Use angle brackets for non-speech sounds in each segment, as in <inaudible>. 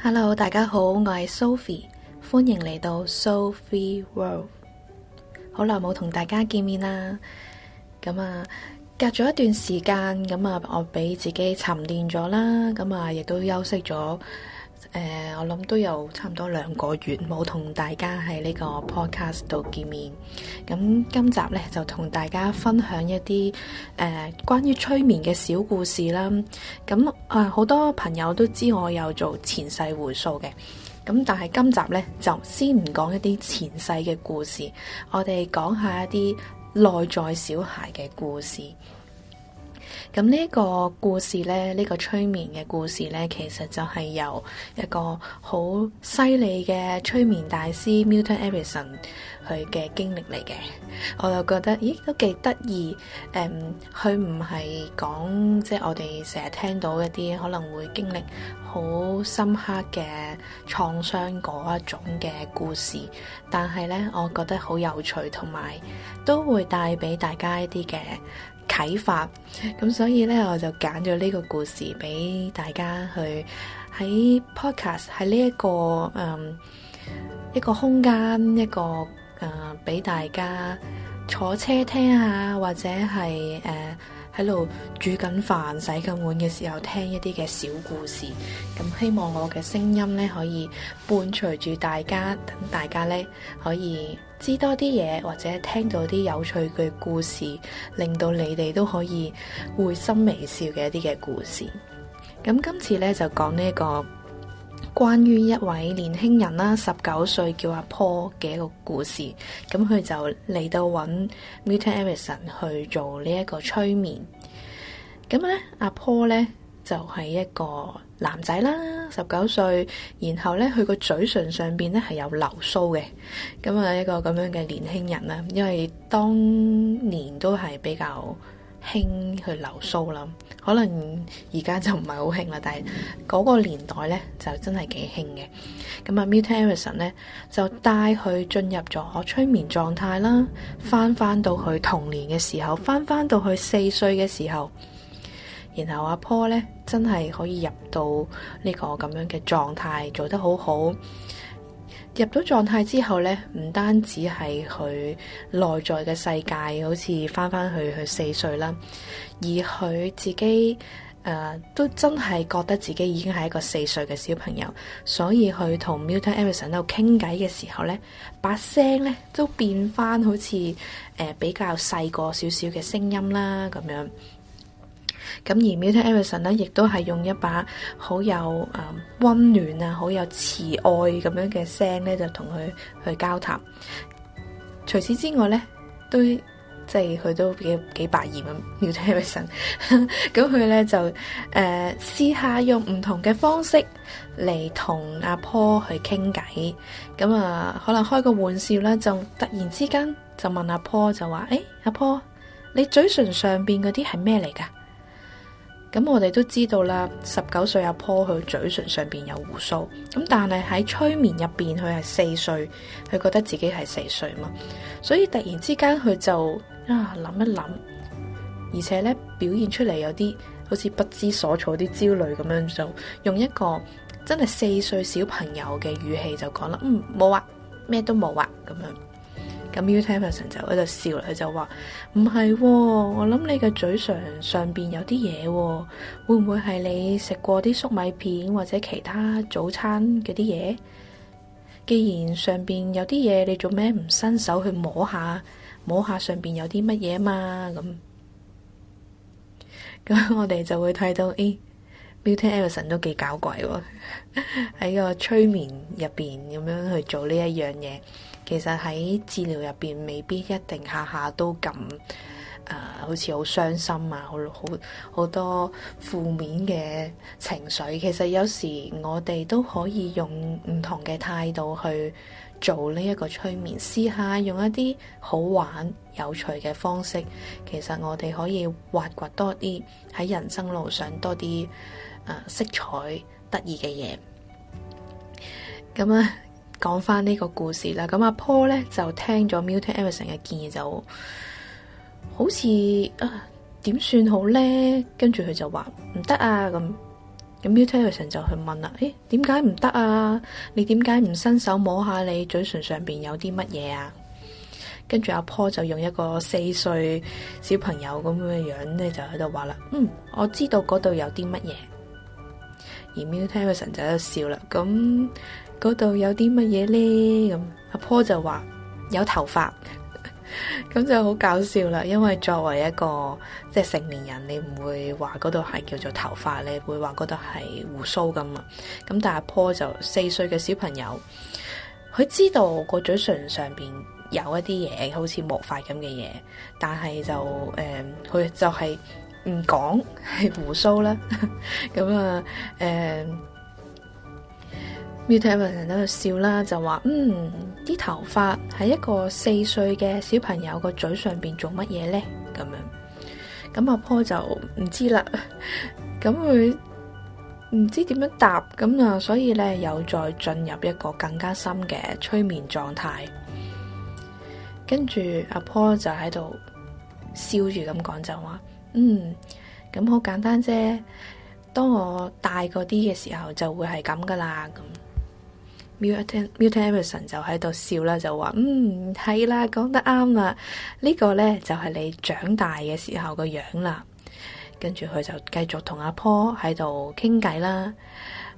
Hello，大家好，我係 Sophie，歡迎嚟到 Soul Free World。好耐冇同大家見面啦，咁啊，隔咗一段時間，咁啊，我俾自己沉澱咗啦，咁啊，亦都休息咗。誒、呃，我諗都有差唔多兩個月冇同大家喺呢個 podcast 度見面，咁今集呢，就同大家分享一啲誒、呃、關於催眠嘅小故事啦。咁啊，好、呃、多朋友都知我有做前世回溯嘅，咁但係今集呢，就先唔講一啲前世嘅故事，我哋講下一啲內在小孩嘅故事。咁呢個故事呢，呢、呢個催眠嘅故事呢，其實就係由一個好犀利嘅催眠大師 Milton Erickson 佢嘅經歷嚟嘅。我就覺得，咦，都幾得意。誒、嗯，佢唔係講即係我哋成日聽到一啲可能會經歷好深刻嘅創傷嗰一種嘅故事，但係呢，我覺得好有趣，同埋都會帶俾大家一啲嘅睇法，咁所以咧，我就揀咗呢個故事俾大家去喺 Podcast，喺呢、這、一個誒、嗯、一個空間，一個誒俾、呃、大家坐車聽啊，或者係誒。呃喺度煮緊飯、洗緊碗嘅時候，聽一啲嘅小故事。咁希望我嘅聲音咧，可以伴隨住大家，等大家咧可以知多啲嘢，或者聽到啲有趣嘅故事，令到你哋都可以會心微笑嘅一啲嘅故事。咁今次咧就講呢個。關於一位年輕人啦，十九歲叫阿坡嘅一個故事，咁佢就嚟到揾 Milton Erickson 去做呢一個催眠。咁咧，阿坡呢就係、是、一個男仔啦，十九歲，然後呢，佢個嘴唇上邊呢係有流蘇嘅，咁啊一個咁樣嘅年輕人啦，因為當年都係比較。興去留鬚啦，可能而家就唔係好興啦，但係嗰個年代呢，就真係幾興嘅。咁啊 Milton Erickson 呢，就帶佢進入咗催眠狀態啦，返返到佢童年嘅時候，返返到佢四歲嘅時候，然後阿、啊、Paul 呢，真係可以入到呢個咁樣嘅狀態，做得好好。入到狀態之後咧，唔單止係佢內在嘅世界好似翻翻去去四歲啦，而佢自己誒、呃、都真係覺得自己已經係一個四歲嘅小朋友，所以佢同 Milton Erickson 喺度傾偈嘅時候咧，把聲咧都變翻好似誒、呃、比較細個少少嘅聲音啦咁樣。咁而 Milton Erickson 咧，亦都係用一把好有啊溫、呃、暖啊，好有慈愛咁樣嘅聲咧，就同佢去交談。除此之外咧，都即係佢都幾幾百厭咁。Milton Erickson 咁佢 <laughs> 咧、嗯、就誒、呃、試下用唔同嘅方式嚟同阿坡去傾偈。咁、嗯、啊、呃，可能開個玩笑啦，就突然之間就問阿、啊、坡就話，誒，阿坡，你嘴唇上邊嗰啲係咩嚟噶？咁我哋都知道啦，十九歲阿 Paul 佢嘴唇上邊有鬍鬚咁，但係喺催眠入邊佢係四歲，佢覺得自己係四歲嘛，所以突然之間佢就啊諗一諗，而且咧表現出嚟，有啲好似不知所措、啲焦慮咁樣，就用一個真係四歲小朋友嘅語氣就講啦，嗯，冇啊，咩都冇啊咁樣。咁 Milton Erickson 就喺度笑，佢就話唔係，我諗你嘅嘴唇上邊有啲嘢、哦，會唔會係你食過啲粟米片或者其他早餐嗰啲嘢？既然上邊有啲嘢，你做咩唔伸手去摸下，摸下上邊有啲乜嘢嘛？咁咁我哋就會睇到，誒、哎、Milton Erickson 都幾搞怪喎、哦，喺 <laughs> 個催眠入邊咁樣去做呢一樣嘢。其實喺治療入邊，未必一定下下都咁誒、呃，好似好傷心啊，好好好多負面嘅情緒。其實有時我哋都可以用唔同嘅態度去做呢一個催眠，試下用一啲好玩有趣嘅方式。其實我哋可以挖掘多啲喺人生路上多啲啊、呃、色彩得意嘅嘢。咁咧、啊、～講翻呢個故事啦，咁阿 Paul 咧，就聽咗 Milton Erickson 嘅建議，就好似啊點算好咧？跟住佢就話唔得啊咁。咁 Milton Erickson 就去問啦，誒，點解唔得啊？你點解唔伸手摸下你嘴唇上邊有啲乜嘢？啊？跟住阿 Paul 就用一個四歲小朋友咁嘅樣咧，就喺度話啦，嗯，我知道嗰度有啲乜嘢。而 Milton Erickson 就喺度笑啦，咁。嗰度有啲乜嘢呢？咁阿婆就話有頭髮，咁 <laughs> 就好搞笑啦。因為作為一個即係、就是、成年人，你唔會話嗰度係叫做頭髮，你會話嗰度係鬍鬚噶嘛。咁但阿、啊、婆就四歲嘅小朋友，佢知道個嘴唇上邊有一啲嘢，好似魔法咁嘅嘢，但係就誒，佢、嗯、就係唔講係鬍鬚啦。咁 <laughs> 啊，誒、嗯。YouTube 人喺度笑啦，就話嗯啲頭髮喺一個四歲嘅小朋友個嘴上邊做乜嘢呢？」咁樣咁阿婆就唔知啦，咁佢唔知點樣答咁啊，所以呢，又再進入一個更加深嘅催眠狀態。跟住阿婆就喺度笑住咁講就話嗯，咁好簡單啫。當我大個啲嘅時候就會係咁噶啦咁。Milton Milton Emerson 就喺度笑啦，就話嗯係啦，講得啱啦，這個、呢個咧就係、是、你長大嘅時候個樣啦。跟住佢就繼續同阿 p 坡喺度傾偈啦，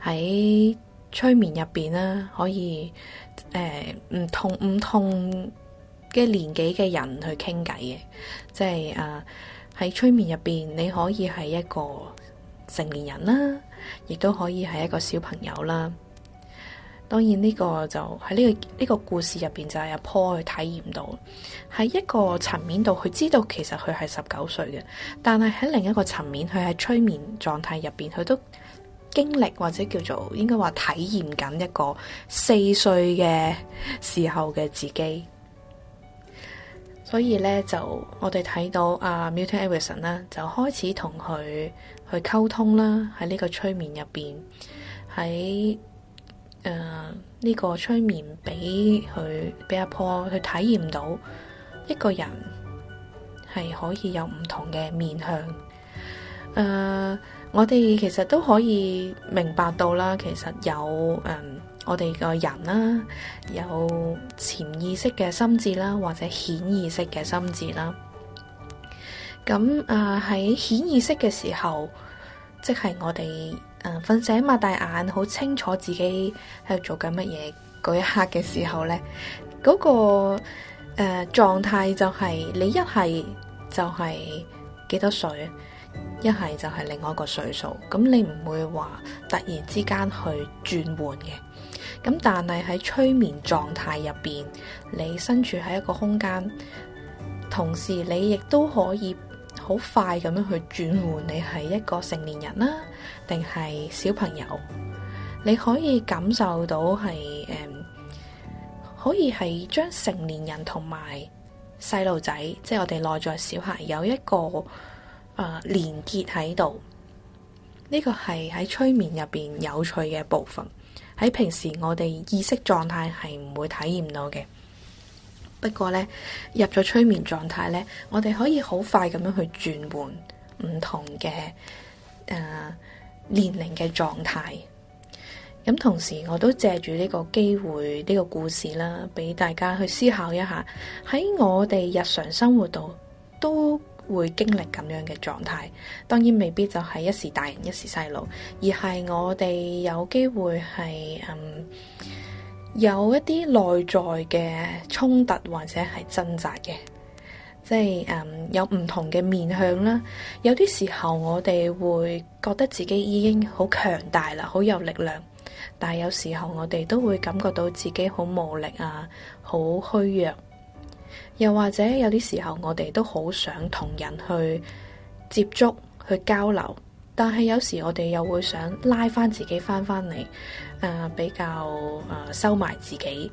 喺催眠入邊啦，可以誒唔、呃、同唔同嘅年紀嘅人去傾偈嘅，即係啊喺催眠入邊，你可以係一個成年人啦，亦都可以係一個小朋友啦。當然呢個就喺呢、這個呢、這個故事入邊就係阿 Paul 去體驗到喺一個層面度，佢知道其實佢係十九歲嘅，但係喺另一個層面，佢喺催眠狀態入邊，佢都經歷或者叫做應該話體驗緊一個四歲嘅時候嘅自己。所以呢，就我哋睇到阿 Milton Erickson 呢，就開始同佢去溝通啦，喺呢個催眠入邊喺。誒，呢、呃這個催眠俾佢俾阿婆去體驗到，一個人係可以有唔同嘅面向。誒、呃，我哋其實都可以明白到啦，其實有誒、呃，我哋個人啦，有潛意識嘅心智啦，或者顯意識嘅心智啦。咁啊，喺、呃、顯意識嘅時候，即係我哋。誒，瞓醒擘大眼，好清楚自己喺度做緊乜嘢嗰一刻嘅時候呢，嗰個誒狀態就係你一係就係幾多歲，一係就係另外一個歲數，咁你唔會話突然之間去轉換嘅。咁但係喺催眠狀態入邊，你身處喺一個空間，同時你亦都可以。好快咁樣去轉換你係一個成年人啦，定係小朋友，你可以感受到係誒、嗯，可以係將成年人同埋細路仔，即係我哋內在小孩有一個誒、呃、連結喺度。呢個係喺催眠入邊有趣嘅部分，喺平時我哋意識狀態係唔會體驗到嘅。不過呢，入咗催眠狀態呢，我哋可以好快咁樣去轉換唔同嘅誒、呃、年齡嘅狀態。咁、嗯、同時，我都借住呢個機會，呢、這個故事啦，俾大家去思考一下。喺我哋日常生活度都會經歷咁樣嘅狀態，當然未必就係一時大人一時細路，而係我哋有機會係嗯。有一啲內在嘅衝突或者係掙扎嘅，即係 um, 有唔同嘅面向啦。有啲時候我哋會覺得自己已經好強大啦，好有力量，但係有時候我哋都會感覺到自己好無力啊，好虛弱。又或者有啲時候我哋都好想同人去接觸、去交流。但係有時我哋又會想拉返自己返返嚟，誒、呃、比較誒收埋自己，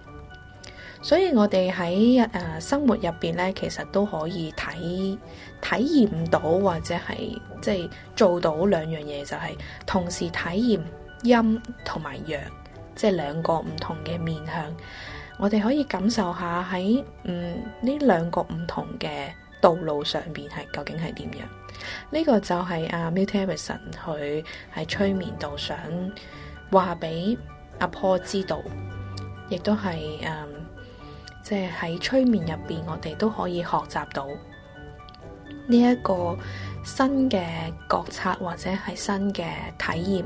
所以我哋喺誒生活入面咧，其實都可以體體驗到或者係即係做到兩樣嘢，就係、是、同時體驗陰同埋陽，即、就、係、是、兩個唔同嘅面向。我哋可以感受下喺嗯呢兩個唔同嘅。道路上邊係究竟係點樣？呢、這個就係阿 Milton Erickson 佢喺催眠度想話俾阿 Paul 知道，亦都係誒，即係喺催眠入邊，我哋都可以學習到呢一個新嘅覺察，或者係新嘅體驗、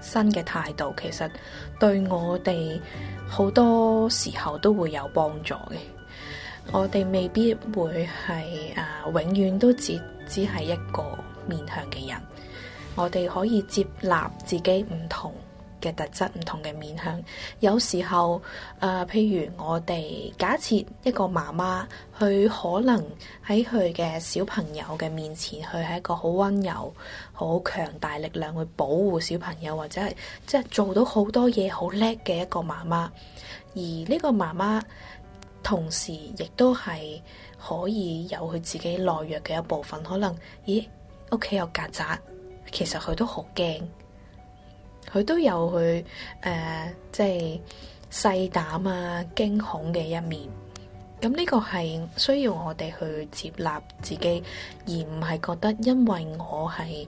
新嘅態度。其實對我哋好多時候都會有幫助嘅。我哋未必會係誒、呃，永遠都只只係一個面向嘅人。我哋可以接納自己唔同嘅特質、唔同嘅面向。有時候誒、呃，譬如我哋假設一個媽媽，佢可能喺佢嘅小朋友嘅面前，佢係一個好溫柔、好強大力量去保護小朋友，或者係即係做到好多嘢好叻嘅一個媽媽。而呢個媽媽，同時，亦都係可以有佢自己懦弱嘅一部分。可能，咦？屋企有曱甴，其實佢都好驚，佢都有佢誒、呃，即係細膽啊、驚恐嘅一面。咁呢個係需要我哋去接納自己，而唔係覺得因為我係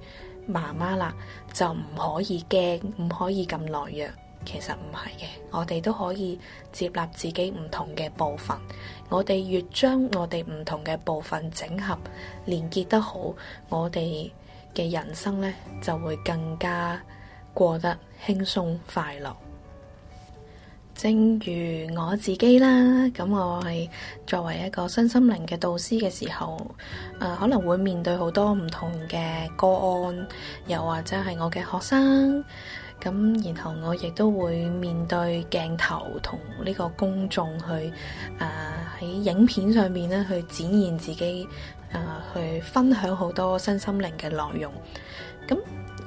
媽媽啦，就唔可以驚，唔可以咁懦弱。其實唔係嘅，我哋都可以接納自己唔同嘅部分。我哋越將我哋唔同嘅部分整合、連結得好，我哋嘅人生呢就會更加過得輕鬆快樂。正如我自己啦，咁我係作為一個身心靈嘅導師嘅時候，誒、呃、可能會面對好多唔同嘅個案，又或者係我嘅學生。咁，然後我亦都會面對鏡頭同呢個公眾去，啊、呃、喺影片上面咧去展現自己，啊、呃、去分享好多身心靈嘅內容。咁、嗯、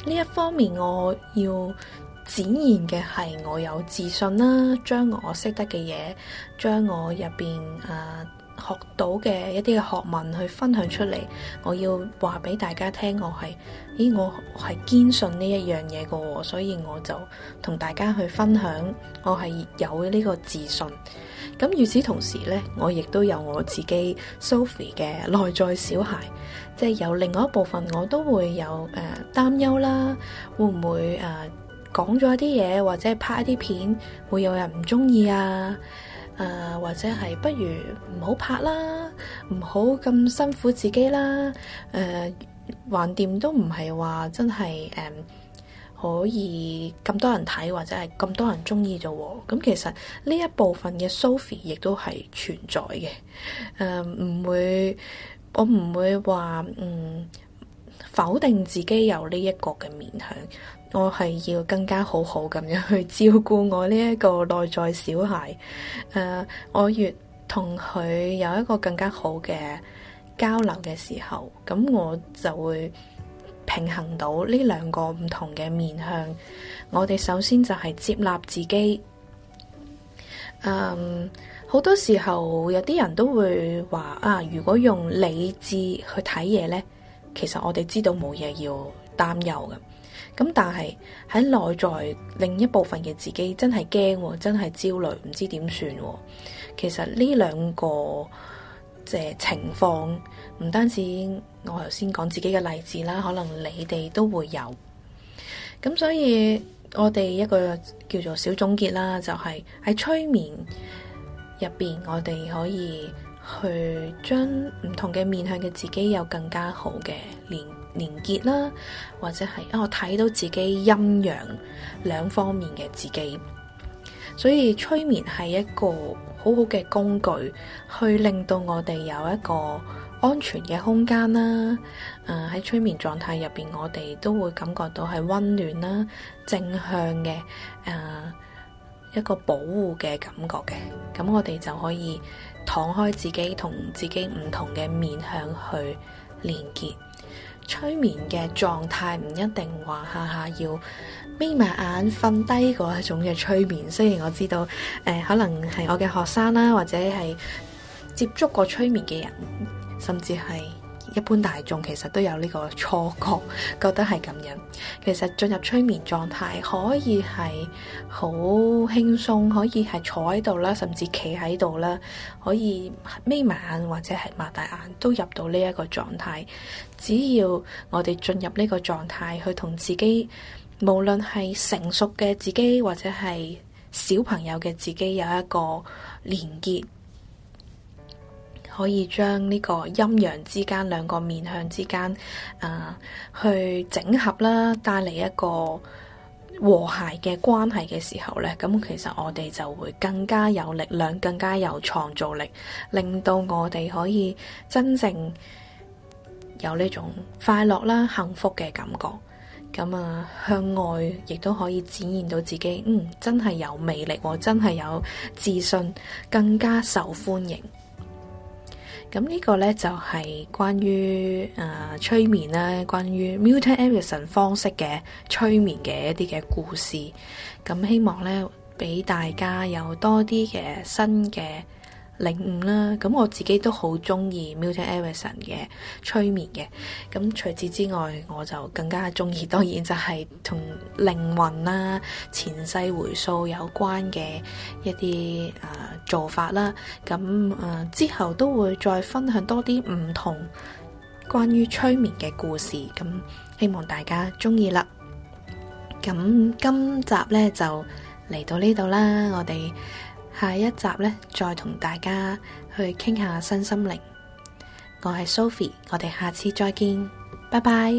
呢一方面，我要展現嘅係我有自信啦，將我識得嘅嘢，將我入邊啊。呃學到嘅一啲嘅學問去分享出嚟，我要話俾大家聽、欸，我係，咦，我係堅信呢一樣嘢嘅，所以我就同大家去分享，我係有呢個自信。咁與此同時呢，我亦都有我自己 Sophie 嘅內在小孩，即、就、係、是、有另外一部分，我都會有誒、呃、擔憂啦，會唔會誒、呃、講咗一啲嘢或者拍一啲片會有人唔中意啊？誒、呃，或者係不如唔好拍啦，唔好咁辛苦自己啦。誒、呃，橫掂都唔係話真係誒、嗯，可以咁多人睇或者係咁多人中意啫。咁、嗯、其實呢一部分嘅 Sophie 亦都係存在嘅。誒、呃，唔會，我唔會話嗯否定自己有呢一個嘅面向。我係要更加好好咁樣去照顧我呢一個內在小孩，誒、uh，我越同佢有一個更加好嘅交流嘅時候，咁我就會平衡到呢兩個唔同嘅面向。我哋首先就係接納自己。嗯，好多時候有啲人都會話啊，如果用理智去睇嘢呢，其實我哋知道冇嘢要擔憂嘅。咁但係喺內在另一部分嘅自己真係驚，真係焦慮，唔知點算。其實呢兩個即係情況，唔單止我頭先講自己嘅例子啦，可能你哋都會有。咁所以我哋一個叫做小總結啦，就係喺催眠入邊，我哋可以去將唔同嘅面向嘅自己有更加好嘅連結。連結啦，或者係我睇到自己陰陽兩方面嘅自己，所以催眠係一個好好嘅工具，去令到我哋有一個安全嘅空間啦。誒、呃、喺催眠狀態入邊，我哋都會感覺到係溫暖啦、正向嘅誒、呃、一個保護嘅感覺嘅，咁我哋就可以敞開自己同自己唔同嘅面向去連結。催眠嘅狀態唔一定話下下要眯埋眼瞓低嗰一種嘅催眠，雖然我知道誒、呃，可能係我嘅學生啦，或者係接觸過催眠嘅人，甚至係。一般大眾其實都有呢個錯覺，覺得係咁樣。其實進入催眠狀態可以係好輕鬆，可以係坐喺度啦，甚至企喺度啦，可以眯埋眼或者係擘大眼都入到呢一個狀態。只要我哋進入呢個狀態，去同自己無論係成熟嘅自己或者係小朋友嘅自己有一個連結。可以將呢個陰陽之間兩個面向之間啊、呃，去整合啦，帶嚟一個和諧嘅關係嘅時候呢，咁其實我哋就會更加有力量，更加有創造力，令到我哋可以真正有呢種快樂啦、幸福嘅感覺。咁、嗯、啊，向外亦都可以展現到自己，嗯，真係有魅力，我真係有自信，更加受歡迎。咁呢個呢，就係、是、關於誒、呃、催眠啦，關於 Milton Erickson 方式嘅催眠嘅一啲嘅故事。咁希望呢，俾大家有多啲嘅新嘅領悟啦，咁我自己都好中意 Milton Erickson 嘅催眠嘅，咁除此之外，我就更加中意，當然就係同靈魂啦、前世回溯有關嘅一啲誒、呃、做法啦。咁誒、呃、之後都會再分享多啲唔同關於催眠嘅故事，咁希望大家中意啦。咁今集呢，就嚟到呢度啦，我哋。下一集呢，再同大家去傾下身心靈。我係 Sophie，我哋下次再見，拜拜。